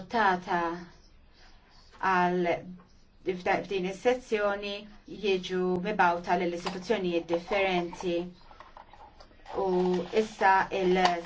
adottata għal f'din is-sezzjoni jiġu mibawta l istituzzjonijiet differenti u issa il